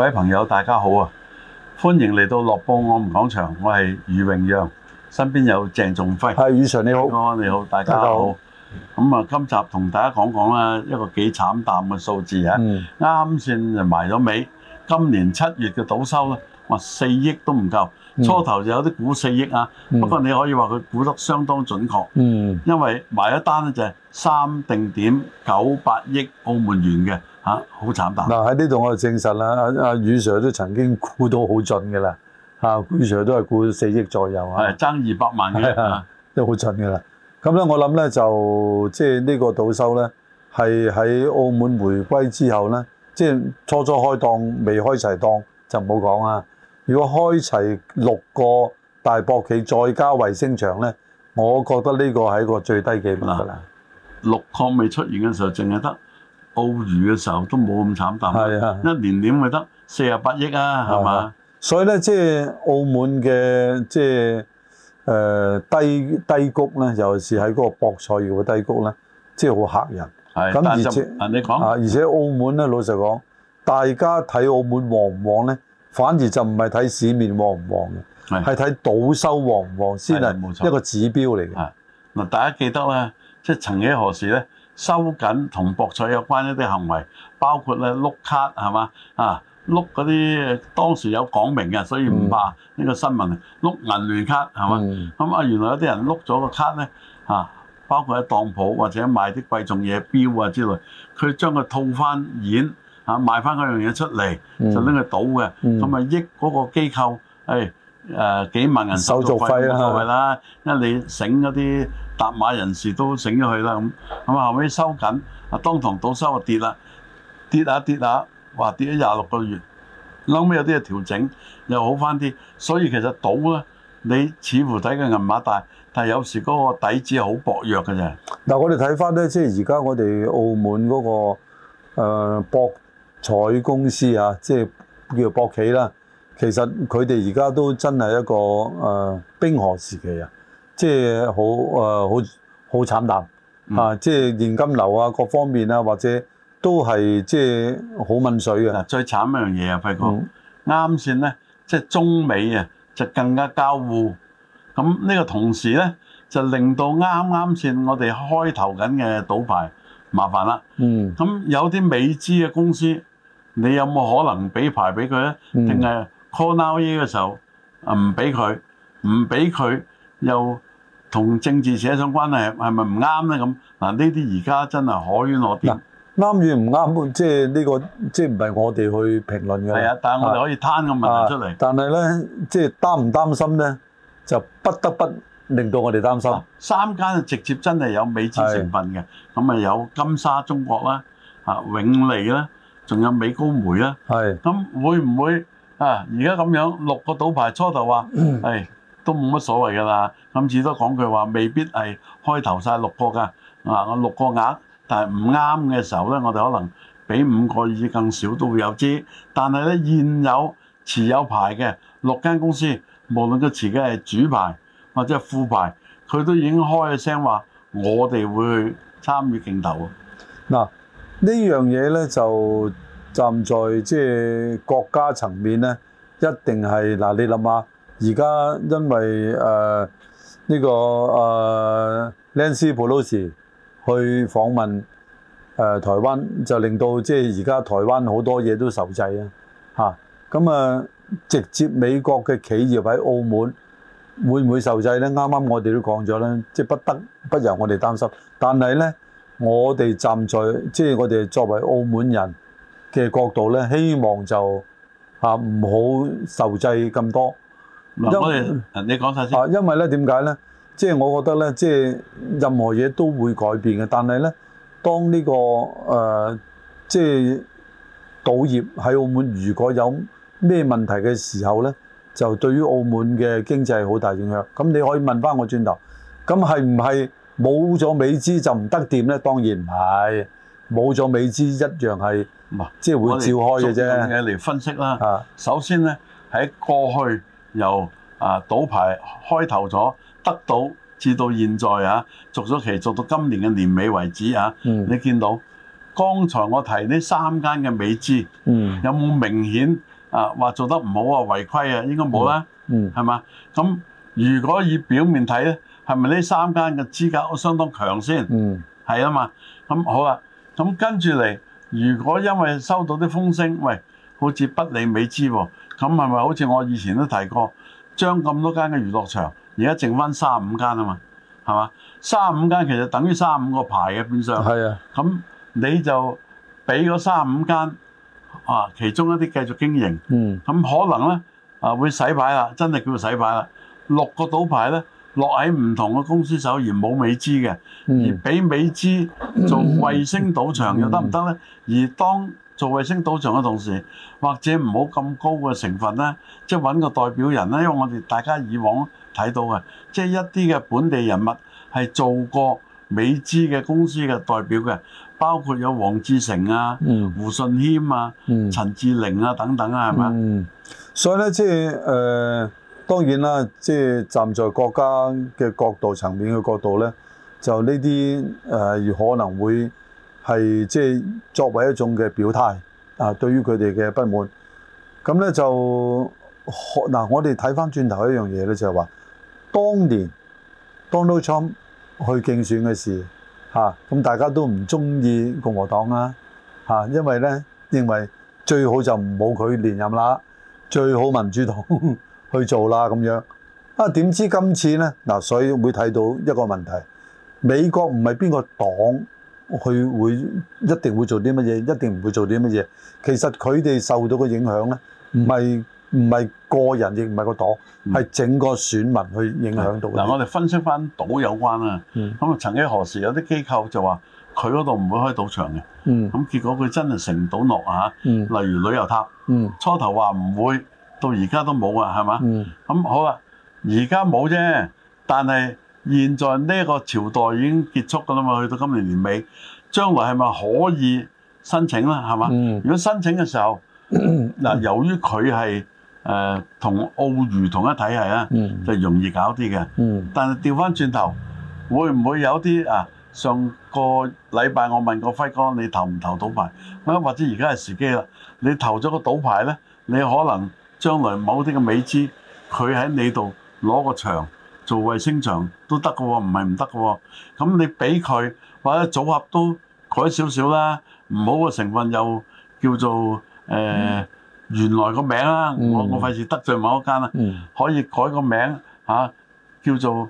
各位朋友，大家好啊！歡迎嚟到樂報我們講場，我係余榮讓，身邊有鄭仲輝，係宇晨，你好，你好，大家好。咁啊，今集同大家講講啦，一個幾慘淡嘅數字啊，啱先就埋咗尾。今年七月嘅賭收咧，話四億都唔夠，初頭就有啲估四億啊，不過你可以話佢估得相當準確，因為埋一單咧就係三定點九八億澳門元嘅。好慘淡！嗱喺呢度我就證實啦，阿、啊、阿雨 sir 都曾經估到好準嘅啦，嚇、啊，雨 sir 都係估四億左右啊，係爭二百萬嘅，都好、啊、準嘅啦。咁咧、啊啊，我諗咧就即係呢個賭收咧，係喺澳門回歸之後咧，即係初初開檔未開齊檔就唔好講啊。如果開齊六個大博企再加衛星場咧，我覺得呢個係一個最低嘅啦、啊。六礦未出現嘅時候，淨係得。澳娛嘅時候都冇咁慘淡啦，啊、一年點咪得四十八億啊，係嘛、啊？吧所以咧，即、就、係、是、澳門嘅即係誒低低谷咧，尤其是喺嗰個博彩業嘅低谷咧，即係好嚇人。係咁，而且你講說啊，而且澳門咧，老實講，大家睇澳門旺唔旺咧，反而就唔係睇市面旺唔旺嘅，係睇賭收旺唔旺先係一個指標嚟嘅。嗱、啊啊，大家記得咧，即係曾幾何時咧？收緊同博彩有關一啲行為，包括咧碌卡，係嘛？啊，碌嗰啲當時有講明嘅，所以唔怕呢個新聞碌，嗯、銀聯卡係嘛？咁啊，原來有啲人碌咗個卡咧嚇，啊，包括喺當鋪或者賣啲貴重嘢標啊之類，佢將佢套翻現，嚇賣翻嗰樣嘢出嚟就拎佢賭嘅，咁咪，嗯嗯、益,嗰個機構，哎誒、呃、幾萬人手續費啦、啊，的因為你醒嗰啲搭馬人士都醒咗去啦，咁咁啊後尾收緊，啊當堂倒收就跌啦，跌下跌下，話跌咗廿六個月，後尾有啲嘢調整，又好翻啲，所以其實賭咧，你似乎睇佢銀碼大，但係有時嗰個底子係好薄弱嘅就係。嗱，我哋睇翻咧，即係而家我哋澳門嗰、那個、呃、博彩公司啊，即係叫做博企啦、啊。其實佢哋而家都真係一個誒、呃、冰河時期、呃嗯、啊，即係好誒好好慘淡啊！即係現金流啊，各方面啊，或者都係即係好敏水嘅、啊。最慘一樣嘢啊，輝哥啱先咧，即係中美啊就更加交互，咁呢個同時咧就令到啱啱先我哋開頭緊嘅賭牌麻煩啦。嗯，咁有啲美資嘅公司，你有冇可能俾牌俾佢咧？定係、嗯？Call now 嘢嘅時候，啊唔俾佢，唔俾佢，又同政治扯上關係，係咪唔啱咧？咁嗱，呢啲而家真係可圈可點。啱與唔啱，即係呢、呢個即係唔係我哋去評論嘅。係啊，但係我哋可以攤個問題出嚟、啊啊。但係咧，即係擔唔擔心咧，就不得不令到我哋擔心。啊、三間直接真係有美資成分嘅，咁啊是有金沙中國啦，啊永利啦，仲有美高梅啦。係是。咁會唔會？啊！而家咁樣六個賭牌初頭話，誒、哎、都冇乜所謂㗎啦。咁至多講句話，未必係開頭晒六個㗎。嗱、啊，我六個額，但係唔啱嘅時候咧，我哋可能比五個二更少都會有之。但係咧，現有持有牌嘅六間公司，無論佢自己係主牌或者副牌，佢都已經開咗聲話，我哋會去參與競投。嗱、啊，這個、東西呢樣嘢咧就～站在即係國家層面咧，一定係嗱，你諗下，而家因為誒呢、呃這個誒 Nancy Pelosi 去訪問誒、呃、台灣就令到即係而家台灣好多嘢都受制啊吓，咁啊，直接美國嘅企業喺澳門會唔會受制咧？啱啱我哋都講咗咧，即、就、係、是、不得不由我哋擔心。但係咧，我哋站在即係、就是、我哋作為澳門人。嘅角度咧，希望就啊唔好受制咁多。因為你講晒先啊，因為咧點解咧？即係我覺得咧，即係任何嘢都會改變嘅。但係咧，當呢個誒即係賭業喺澳門，如果有咩問題嘅時候咧，就對於澳門嘅經濟好大影響。咁你可以問翻我轉頭，咁係唔係冇咗美資就唔得掂咧？當然唔係，冇咗美資一樣係。即係會照開嘅啫。嘅嚟分析啦、啊。啊，首先咧喺過去由啊賭牌開頭咗得到至到現在啊，續咗期續到今年嘅年尾為止啊。嗯，你見到剛才我提呢三間嘅美資，嗯，有冇明顯啊話做得唔好啊違規啊？應該冇啦。嗯，係嘛？咁如果以表面睇咧，係咪呢三間嘅資格都相當強先？嗯，係啊嘛。咁好啦，咁跟住嚟。如果因為收到啲風聲，喂，好似不理未知喎，咁係咪好似我以前都提過，將咁多間嘅娛樂場，而家剩翻三五間啊嘛，係嘛？三五間其實等於三五個牌嘅，基本上係啊，咁你就俾咗三五間啊，其中一啲繼續經營，嗯，咁可能咧啊會洗牌啦，真係叫洗牌啦，六個賭牌咧。落喺唔同嘅公司手，而冇美資嘅，嗯、而俾美資做衛星賭場、嗯嗯、又得唔得呢？而當做衛星賭場嘅同時，或者唔好咁高嘅成分呢，即係揾個代表人呢。因為我哋大家以往睇到嘅，即、就、係、是、一啲嘅本地人物係做過美資嘅公司嘅代表嘅，包括有黃志成啊、嗯、胡信謙啊、嗯、陳志玲啊等等啊，係咪、嗯？吧所以呢，即、呃、係當然啦，即、就、係、是、站在國家嘅角度層面嘅角度咧，就呢啲誒可能會係即係作為一種嘅表態啊，對於佢哋嘅不滿。咁、啊、咧就嗱、啊，我哋睇翻轉頭一樣嘢咧，就係、是、話當年 Donald Trump 去競選嘅時嚇，咁、啊、大家都唔中意共和黨啦、啊啊、因為咧認為最好就冇佢連任啦，最好民主黨。去做啦咁樣啊？點知今次呢嗱，所以會睇到一個問題。美國唔係邊個黨，佢會一定會做啲乜嘢，一定唔會做啲乜嘢。其實佢哋受到嘅影響呢，唔係唔係個人，亦唔係個黨，係整個選民去影響到。嗱，我哋分析翻賭有關啊。咁啊，曾經何時有啲機構就話佢嗰度唔會開賭場嘅。咁結果佢真係成唔到落啊。例如旅遊塔，初頭話唔會。到而家都冇啊，係嘛？咁好啦，而家冇啫。但係現在呢個朝代已經結束㗎啦嘛，去到今年年尾，將來係咪可以申請咧？係嘛？嗯、如果申請嘅時候，嗱、嗯呃，由於佢係誒同澳娛同一體系，啊、嗯，就容易搞啲嘅。嗯、但係調翻轉頭，會唔會有啲啊？上個禮拜我問過輝哥，你投唔投賭牌？咁或者而家係時機啦。你投咗個賭牌咧，你可能～將來某啲嘅美資，佢喺你度攞個場做衛星場都得㗎喎，唔係唔得㗎喎。咁你俾佢或者組合都改少少啦，唔好嘅成分又叫做誒原來個名啦。我我費事得罪某一間啊，可以改個名吓叫做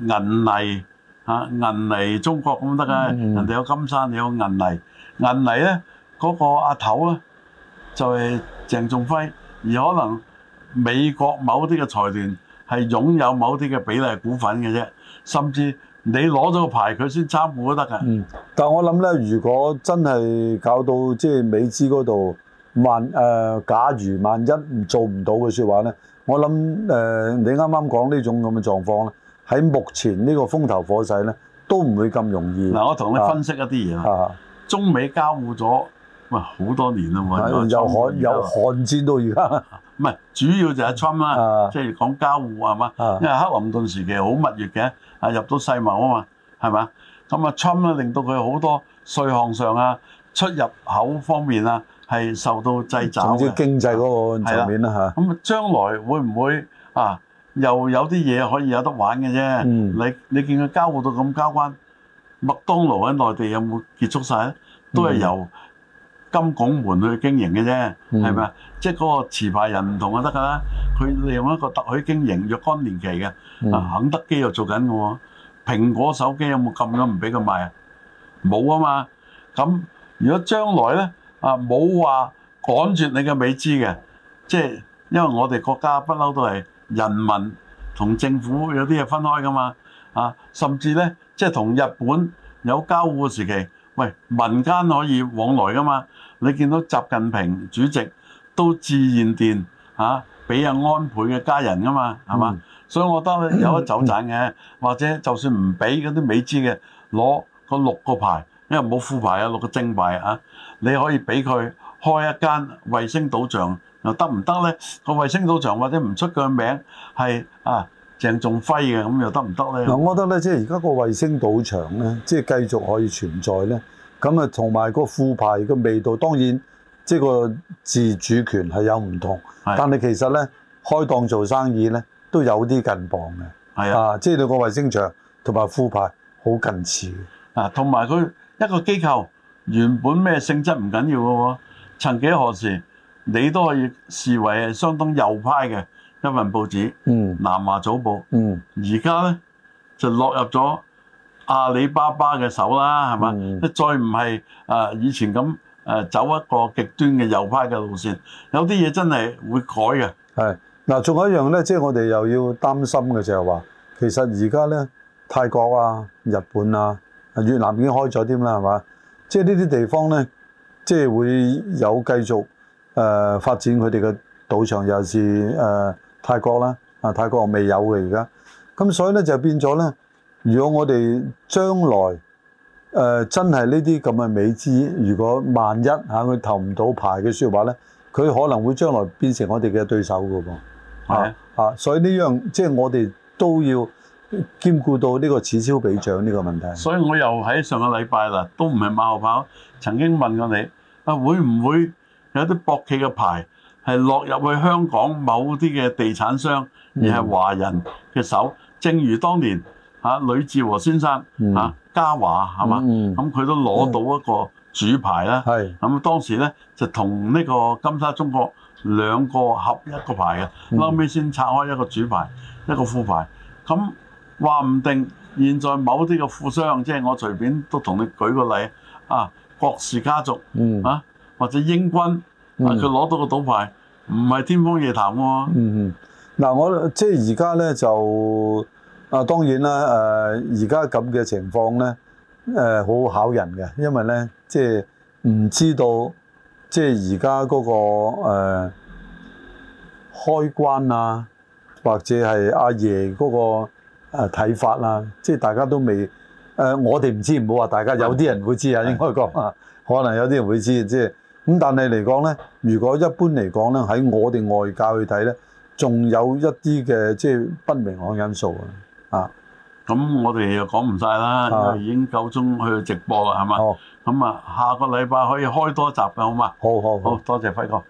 銀泥吓銀泥中國咁得㗎。人哋有金山，你有銀泥。銀泥咧嗰個阿頭咧就係鄭仲輝。而可能美國某啲嘅財團係擁有某啲嘅比例股份嘅啫，甚至你攞咗個牌佢先參股都得㗎。嗯，但係我諗咧，如果真係搞到即係美資嗰度萬、呃、假如萬一唔做唔到嘅說話咧，我諗、呃、你啱啱講呢種咁嘅狀況咧，喺目前呢個風頭火勢咧，都唔會咁容易。嗱、啊，我同你分析一啲嘢、啊、中美交互咗。好多年啦嘛，又寒、嗯、有寒戰到而家、啊，唔係主要就係侵啦，啊、即係講交互啊嘛，因為克林頓時期好蜜月嘅，啊入到世貿啊嘛，係嘛？咁啊侵咧令到佢好多稅項上啊、出入口方面啊係受到掣肘。總之經濟嗰個層面啦嚇。咁啊，將來會唔會啊又有啲嘢可以有得玩嘅啫、嗯？你你見佢交互到咁交關，麥當勞喺內地有冇結束晒？咧、嗯？都係由。金拱門去經營嘅啫，係咪啊？嗯、即係嗰個持牌人唔同就得㗎啦。佢利用一個特許經營若干年期嘅，啊，嗯、肯德基又做緊嘅喎。蘋果手機有冇咁樣唔俾佢賣啊？冇啊嘛。咁如果將來咧，啊，冇話趕絕你嘅美資嘅，即係因為我哋國家不嬲都係人民同政府有啲嘢分開㗎嘛。啊，甚至咧，即係同日本有交換嘅時期。喂，民間可以往來噶嘛？你見到習近平主席都自然電嚇俾阿安倍嘅家人噶嘛？係嘛、嗯？所以我覺得有得走盞嘅，嗯嗯、或者就算唔俾嗰啲美資嘅攞個六個牌，因為冇副牌啊，六個正牌啊，你可以俾佢開一間衛星賭場又得唔得咧？個衞星賭場或者唔出佢個名係啊？鄭仲輝，嘅咁又得唔得咧？嗱，我覺得咧，即係而家個衛星賭場咧，即係繼續可以存在咧。咁啊，同埋個副牌嘅味道，當然即係個自主權係有唔同。的但係其實咧，開檔做生意咧，都有啲近磅嘅。係的啊，即係你個衛星場同埋副牌好近似。啊，同埋佢一個機構原本咩性質唔緊要嘅喎，曾幾何時你都可以視為係相當右派嘅。一份報紙，南華早報，而家咧就落入咗阿里巴巴嘅手啦，係嘛？嗯、再唔係啊，以前咁走一個極端嘅右派嘅路線，有啲嘢真係會改嘅。嗱，仲有一樣咧，即、就、係、是、我哋又要擔心嘅就係話，其實而家咧泰國啊、日本啊、越南已經開咗添啦，係嘛？即係呢啲地方咧，即、就、係、是、會有繼續誒、呃、發展佢哋嘅賭場，又是誒。呃泰國啦，啊泰國我未有嘅而家，咁所以咧就變咗咧，如果我哋將來誒、呃、真係呢啲咁嘅美資，如果萬一嚇佢、啊、投唔到牌嘅說話咧，佢可能會將來變成我哋嘅對手㗎喎，啊是啊，啊，所以呢樣即係我哋都要兼顧到呢個此消彼長呢個問題。所以我又喺上個禮拜嗱，都唔係馬後炮，曾經問過你啊，會唔會有啲博企嘅牌？係落入去香港某啲嘅地產商，而係華人嘅手。嗯、正如當年啊呂、呃、志和先生啊嘉華係嘛，咁佢、嗯嗯、都攞到一個主牌啦。咁、嗯、當時咧就同呢個金沙中國兩個合一個牌嘅，嗯、後尾先拆開一個主牌，一個副牌。咁話唔定現在某啲嘅富商，即、就、係、是、我隨便都同你舉個例啊，郭氏家族啊或者英軍。佢攞、啊、到個賭牌，唔係天方夜談喎、啊嗯。嗯嗯，嗱，我即係而家咧就啊，當然啦，誒、呃，而家咁嘅情況咧，誒、呃，好好考人嘅，因為咧，即係唔知道，即係而家嗰個誒、呃、開關啊，或者係阿爺嗰、那個睇、呃、法啊，即係大家都未誒、呃，我哋唔知，唔好話大家，的有啲人會知啊，應該講啊，的可能有啲人會知，即係。咁但係嚟講咧，如果一般嚟講咧，喺我哋外界去睇咧，仲有一啲嘅即係不明朗因素啊！啊，咁我哋又講唔晒啦，已經夠鐘去直播啦，係嘛？咁啊、哦，下個禮拜可以開多集嘅好嘛？好嗎好，好,好,好多謝輝哥。